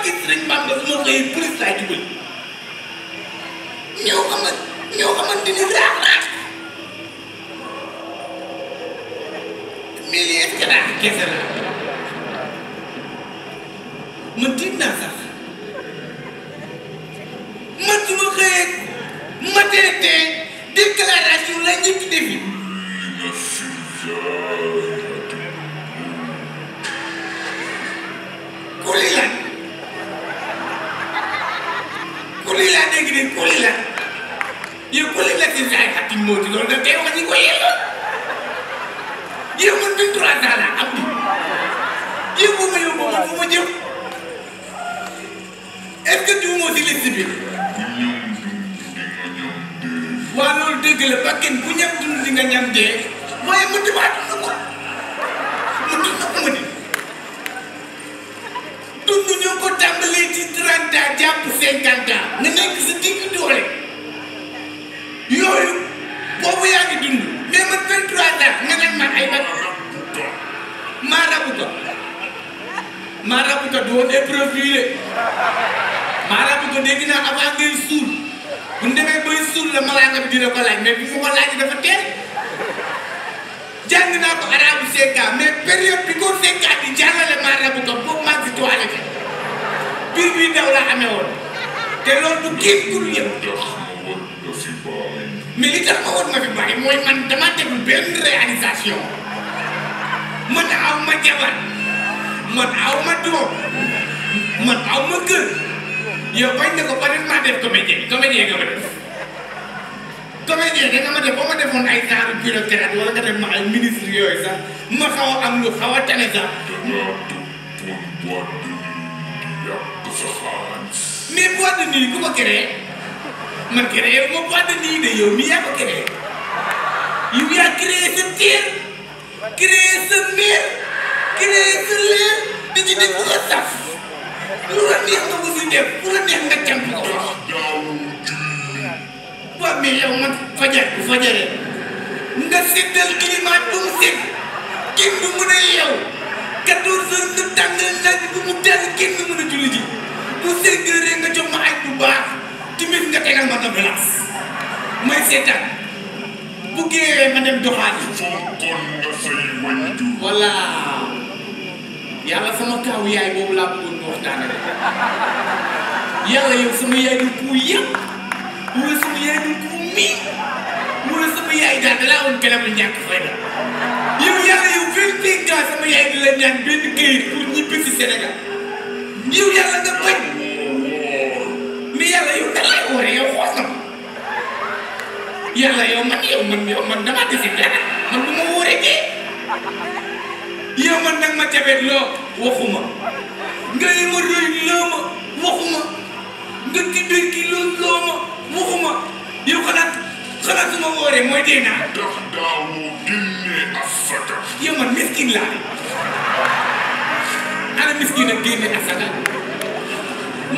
barki sëriñ Bamba su ma xëyee police laay dugal ñoo xamal ñoo xamante ni raax raax milliers que raax kese la ma tiit naa sax man su ma xëyee matee déclaration la njëkk defi dégg ne kulli la yow kulli la si ay xati moo ci doon def wax ñu ko yelloo yow man bi trois ans la am di yow moom yow moom fu jëm est-ce que diw si liste waa loolu dégg la bakkan bu ñam dund di nga ñam dee mooy mu tubaab ko tàmbalee ci 30 ans jàpp 50 ans nga nekk si digg doole yooyu boobu yaa ngi dund mais man 23 ans nga naan man ay man maa rabu ko maa rabu ko du woon épreuve yi de maa rabu ko dégg naa avant ngay suul bu ñu demee bay suul la malaaka bi dina ko laaj mais bi mu ko laaj dafa teel jàng naa ko arabu cinq ans mais période bi ko cinq ans jàllale maa rabu ko boobu maa ngi ci toile mbir mi daw la amee woon te loolu du kii tur yëpp mais li ma def maa def comédien comédien nga ma def comédien da ma ay ministre yooyu sax ma xaw am lu xaw a tane sax mais boîte de nuit ku ko créé man créé ma boîte de de yow mi yaa ko créé yow yaa créé sa tiir créé sa miir créé sa leer di ci def ko saf lu la neex nga ko si ko wax waaw mais yow man fajar bu fajaree nga seddal climat bu mu kenn du mën a yow quatorze heures nga tàngal naaj bi bu mu teel kenn a julli ji mu cinq heures rek nga jox ma añ bu baax timis nga tegal ma tam relax may seetaan bu géewee ma dem doxaan yi foogoon nga fay yaay boobu laa bëggoon ñu waxtaane rek yàlla yow sama yaay du ku yëpp wala sama yaay du ku mii wala sama yaay daal dalaa woon kelem ñàkk fay la yow sama yaay di la ñaan benn këyit pour Sénégal yow yàlla nga bañ mais yàlla yow da lay waree yow xool na yàlla yow man yow man yow man damaa man bu ma kii yow man nag ma loo waxuma nga yi ma loo ma waxuma nga ki dëkk loo loo ma waxuma yow xanaa xanaa su ma wooree mooy dee naa. ndax daawoo génnee asaka. yow man miskin laa ana miskin génne asaka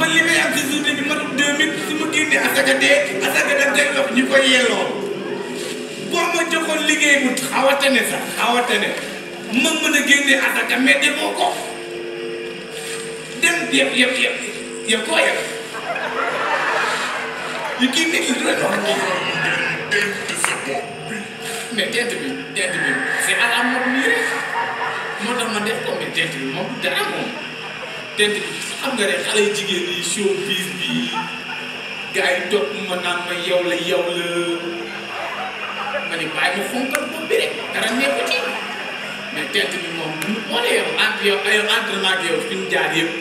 man li may am si suuf bi man deux su ma génnee asaka dee asaka dañ koy jox ñi yelloo boo ma joxoon liggéey bu xawate sax xawate ne ma a génnee asaka mais demoo ko dem yëpp yëpp yëpp koo yëpp yu kii nit yi du la leen mais tent bi tent bi c'est à la mode rek moo tax ma def ko mais bi moom dara moom tent bi xam nga rek xale yu jigéen yi showbiz bi gars yi topp ma naan ma yow la yow la ma ne bàyyi ma fonkal bopp bi rek dara nekk ci mais tent bi moom bu mu yow entre yow jaar yëpp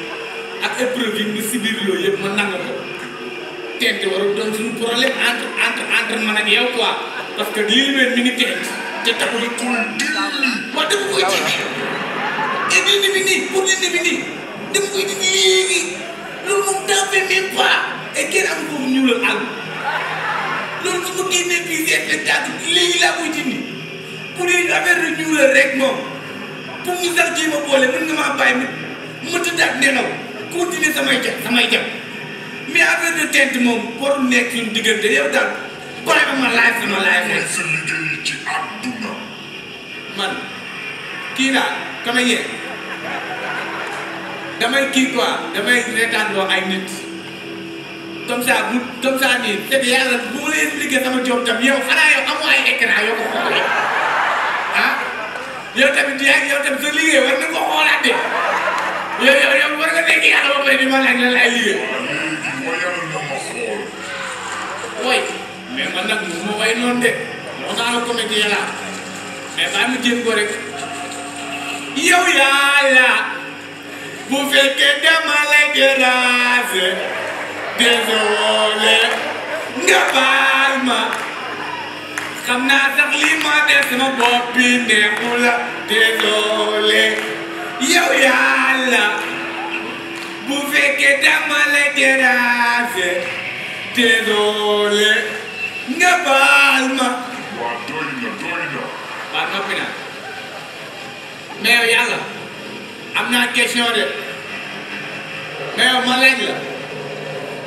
ak épreuve yi si biir loolu yëpp ma nangu ko. teente warul doon suñu problème entre entre entre man ak yow quoi parce que lii meen mi ngi teent te taxul tul wax dama koy ji et dindi bi nii loolu moom tempe même pas et kenn am foofu ñuulal àll loolu su ko pour yooyu affaire de rek moom pour ñu sax jéem a boole mën nga maa bàyyi ma ma tëddaat nelaw continuer samay jàpp samay jàpp mais affaire de tent moom warul nekk suñu diggante yow daal bàyyi ba ma laaj sama man kii laa comme yéen damay kii quoi damay reetaanloo ay nit comme bu comme nii te bi yàlla bu ma leen liggéey sama job tam yow xanaa yow amoo ay écran yoo ko xoolee ah? yow tamit yow tamit yow yow yow. nekk yàlla ba pare di ma laaj lan laay liggéey. woy mais man nag mu ma way noonu de moo tax ma comédien la mais baa mi jéem ko rek yow yàlla bu fekkee dama lay déranger désolé nga baal ma xam naa sax li ma def sama bopp bi neexu la désolé yow yàlla bu fekkee dama la déranger désolé nga baal ma. waaw doy na doy na. waaw noppi na mais yow yàlla am naa question de mais yow ma laaj la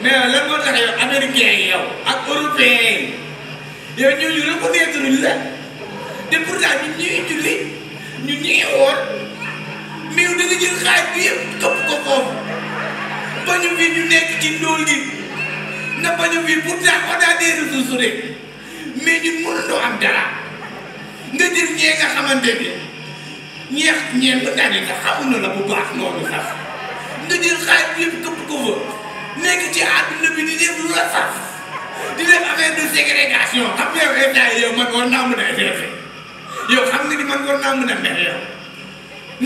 mais yow lan moo tax yow américain yi yow ak européen yi yow ñooñu reconnaître ñu la te pourtant ñun ñuy julli ñun ñuy woor mais yow da nga jël xaaj bi yëpp topp ko foofu. bañu fi ñu nekk ci ndóol gi na bañu fi pourtant on a des ressources rek mais ñun mënuloo am dara nga jël ñee nga xamante ne ñeex ñeex nga daane nga xamuñu la bu baax sax nga jël xaalis bi yëpp këpp ko fa nekk ci àdduna bi di def lu la sax di def de ségrégation xam nga yow man war naa mën a effefe yow nga ni man war naa mën a mel yow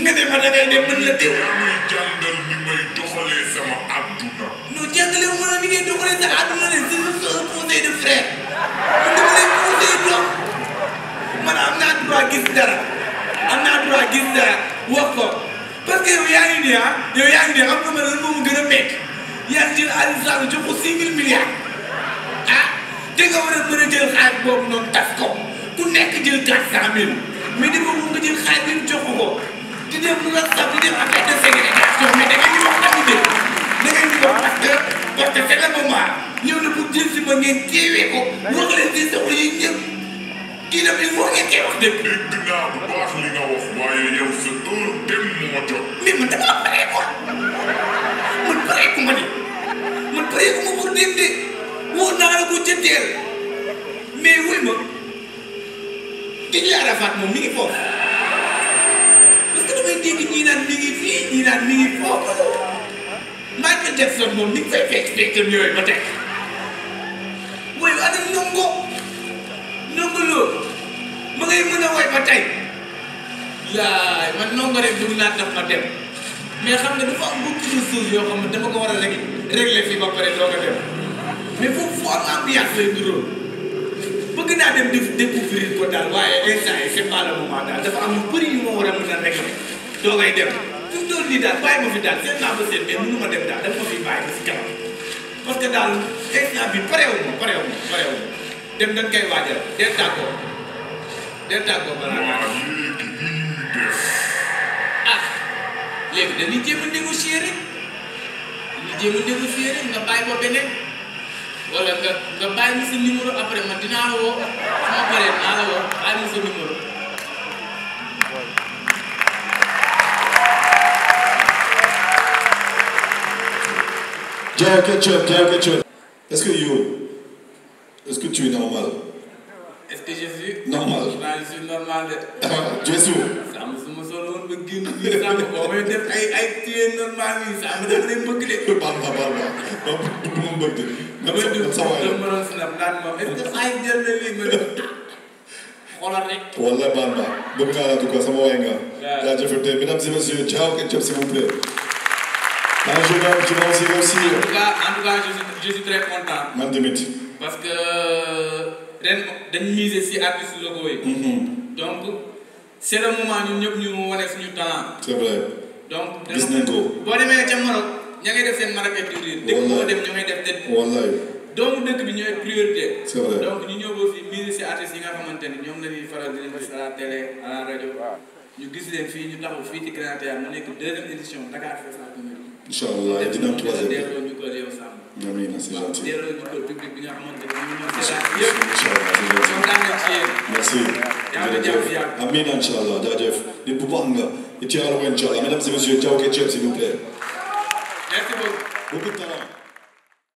nga dem ba da ngay dem mën la déw. jàngale wu ma la liggéey doo ko leen sa àdduna ne c'est un conseil de frère man dama lay conseil doom man am naa droit gis dara am naa droit gis dara wax ko parce que yow yaa ngi nii ah yow yaa ngi nii xam nga man lan moomu gën a métti yaa ngi jël Aliou Sall jox ko six mille milliards ah te nga war a mën a jël xaalis boobu noonu tas ko ku nekk jël quatre cent mille mais dafa mun nga jël xaalis bi jox ko di dem lu la sax di dem affaire de ségrégation mais da ngeen di wax tamit de da ngeen di wax parce que porté c'est le moment ñëw na pour jël si ma ngeen teewee ko wax leen si soxla yi ñëpp kii nag il faut ngeen koy wax dëgg. dégg naa bu baax li nga wax waaye yow sa heure dem moo jot. mais man dama paree ko man paree ko ma ni man paree ko ma pour dem de woo naa la ko ca teel mais wuy ma di laa rafaat moom mi ngi foofu parce que damay dégg ñii naan mi ngi fii ñii naan mi ngi foofu. Michael Jackson moom ni nga fekk fekkam yooyu ba teg mooy ana nongo nongo loolu ma ngay mën a woy ba tey laay man nongo rek dugg naa daf ma dem mais xam nga dafa am beaucoup de yoo xam ne dama ko war a régler régler fii ba pare doo ko dem mais foofu foo am ambiance lay duróol bëgg naa dem def découvrir ko daal waaye instant yi c'est pas le daal dafa am yu bëri yu war a mën a régler doo koy dem toujours nii daal bàyyi ma fi daal seen naa ma seen mais mënu dem daal dama fi bàyyi ba si kanam parce que daal instant bi pareewul ma pareewul dem dañ koy waajal dee tàggoo dee tàggoo balaa ngaa ah léegi dañuy a négocier rek dañuy a ma beneen wala nga ma dinaa la woo su ma paree la woo bàyyi sa numéro. Pierre Ketchup, Pierre Ketchup. Est-ce que you, est es normal? est normal ah je suis normal de. ah Dieu su. sàmm su ma soxla woon ba génn bi def ay ay tuye normal yi sàmm daf lay bëgg de. baal bëgg de. dama dugg sama dama doon sinap daan ma est-ce que ay jël na lii ma maa ngi gën a ci lancé aussi. en euh, tout cas en tout cas je suis je suis très content. man tamit. parce que euh, ren dañu miser si artistes locaux yi. Mhm. donc c' est le moment ñun ñëpp ñu wane suñu talent. c' est vrai. donc gis nañ ko. boo demee ca Maroc ña ngay def seen Marocain culture. dëkk boo dem ña ngay def tête. wallaay doomu dëkk bi ñooy priorité. c' est vrai donc ñu ñëw ba fii miser si artistes yi nga xamante ni ñoom la ñuy faral di leen gis à la télé à la rajo. ñu gis leen fii ñu taxaw fii ci Grand Théâtre mu nekk deuxième édition Dakar Fest incha allah dina am troisième amiin c'est gentil merci jërëjëf amiin incha allah jaajëf lépp wax nga ci àll ba incha allah mesdames et messieurs Diao Ketchup s'il vous plaît. merci beaucoup.